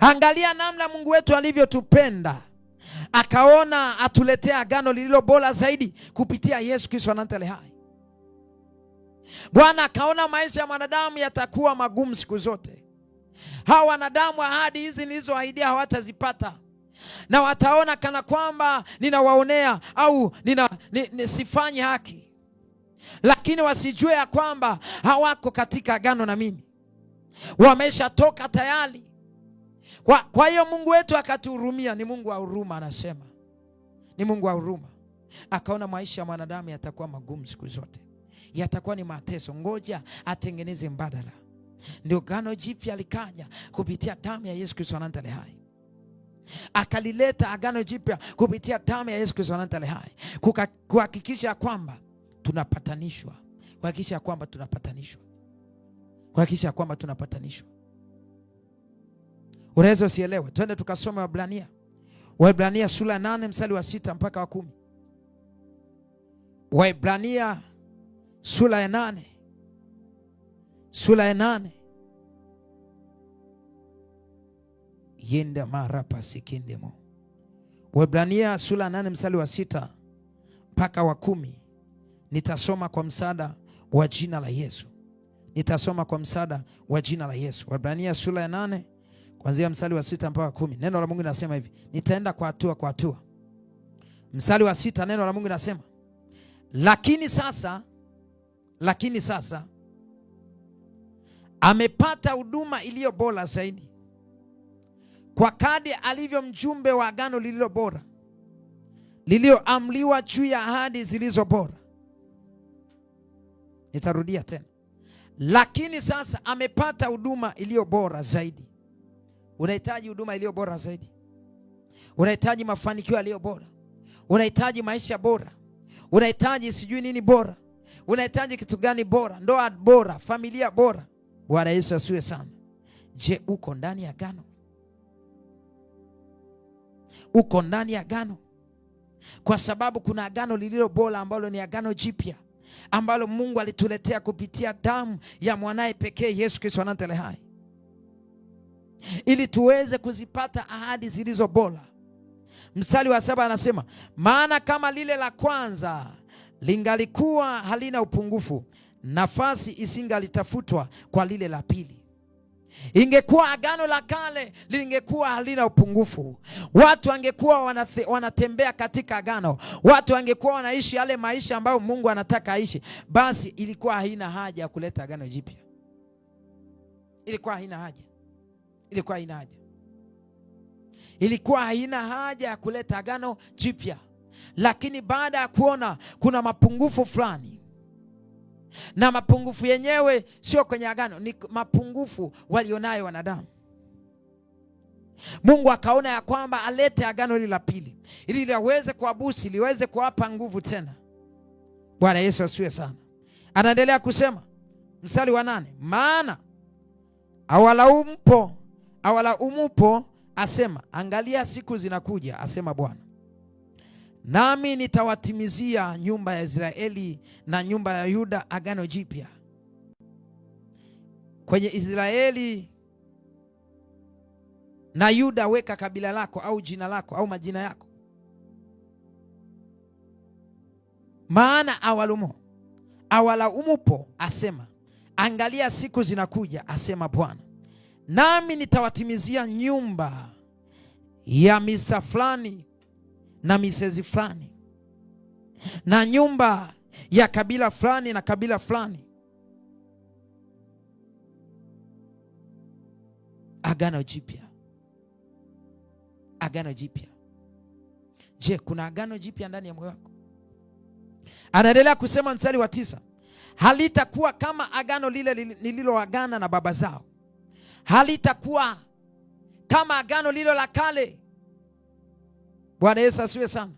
Angalia namna Mungu wetu alivyotupenda akaona atuletea agano lililo bora zaidi kupitia Yesu Kristo anantele hai. Bwana akaona maisha ya mwanadamu yatakuwa magumu siku zote. Hawa wanadamu ahadi hizi nilizoahidia hawatazipata na wataona kana kwamba ninawaonea au nina, sifanyi haki, lakini wasijue ya kwamba hawako katika agano na mimi, wameshatoka tayari kwa, kwa hiyo Mungu wetu akatuhurumia. Ni Mungu wa huruma, anasema ni Mungu wa huruma. Akaona maisha ya mwanadamu yatakuwa magumu siku zote, yatakuwa ni mateso, ngoja atengeneze mbadala. Ndio gano jipya likaja kupitia damu ya Yesu Kristo anatale hai akalileta agano jipya kupitia damu ya Yesu Kristo anatale hai, kuhakikisha kwamba tunapatanishwa, kuhakikisha kwamba tunapatanishwa, kuhakikisha kwamba tunapatanishwa Unaweza usielewe. Twende tukasome Waebrania. Waebrania sura ya nane mstari wa sita mpaka wa kumi. Waebrania sura ya nane sura ya nane yenda mara pasikindemo. Waebrania sura ya nane mstari wa sita mpaka wa kumi. Nitasoma kwa msaada wa jina la Yesu, nitasoma kwa msaada wa jina la Yesu. Waebrania sura ya nane kuanzia mstari wa sita mpaka kumi. Neno la Mungu linasema hivi, nitaenda kwa hatua kwa hatua. Mstari wa sita, neno la Mungu linasema lakini sasa, lakini sasa amepata huduma iliyo bora zaidi, kwa kadi alivyo mjumbe wa agano lililo bora, lililoamliwa juu ya ahadi zilizo bora. Nitarudia tena, lakini sasa amepata huduma iliyo bora zaidi Unahitaji huduma iliyo bora zaidi, unahitaji mafanikio yaliyo bora, unahitaji maisha bora, unahitaji sijui nini bora, unahitaji kitu gani bora? Ndoa bora, familia bora. Bwana Yesu asiwe sana. Je, uko ndani ya gano Uko ndani ya gano Kwa sababu kuna agano lililo bora ambalo ni agano jipya ambalo Mungu alituletea kupitia damu ya mwanaye pekee Yesu Kristo anatele hai ili tuweze kuzipata ahadi zilizo bora. Mstari wa saba anasema, maana kama lile la kwanza lingalikuwa halina upungufu, nafasi isingalitafutwa kwa lile la pili. Ingekuwa agano la kale lingekuwa halina upungufu, watu wangekuwa wanathe, wanatembea katika agano, watu wangekuwa wanaishi yale maisha ambayo Mungu anataka aishi, basi ilikuwa haina haja ya kuleta agano jipya, ilikuwa haina haja ilikuwa haina haja, ilikuwa haina haja ya kuleta agano jipya, lakini baada ya kuona kuna mapungufu fulani na mapungufu yenyewe sio kwenye agano, ni mapungufu walionayo wanadamu. Mungu akaona ya kwamba alete agano hili la pili, ili liweze kuabusi, liweze kuwapa nguvu tena. Bwana Yesu asifiwe sana. Anaendelea kusema mstari wa nane, maana awalaumpo awalaumupo asema, angalia siku zinakuja, asema Bwana, nami nitawatimizia nyumba ya Israeli na nyumba ya Yuda agano jipya. Kwenye Israeli na Yuda weka kabila lako au jina lako au majina yako, maana awalumo awalaumupo asema, angalia siku zinakuja, asema Bwana nami nitawatimizia nyumba ya misa fulani na misezi fulani na nyumba ya kabila fulani na kabila fulani agano jipya. Agano jipya. Je, kuna agano jipya ndani ya moyo wako? Anaendelea kusema mstari wa tisa, halitakuwa kama agano lile nililoagana na baba zao halitakuwa kama agano lilo la kale. Bwana Yesu asiwe sana.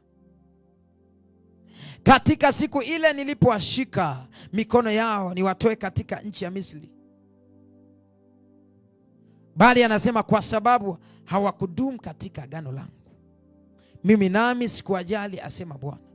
Katika siku ile nilipowashika mikono yao niwatoe katika nchi ya Misri, bali anasema kwa sababu hawakudumu katika agano langu, mimi nami sikuwajali, asema Bwana.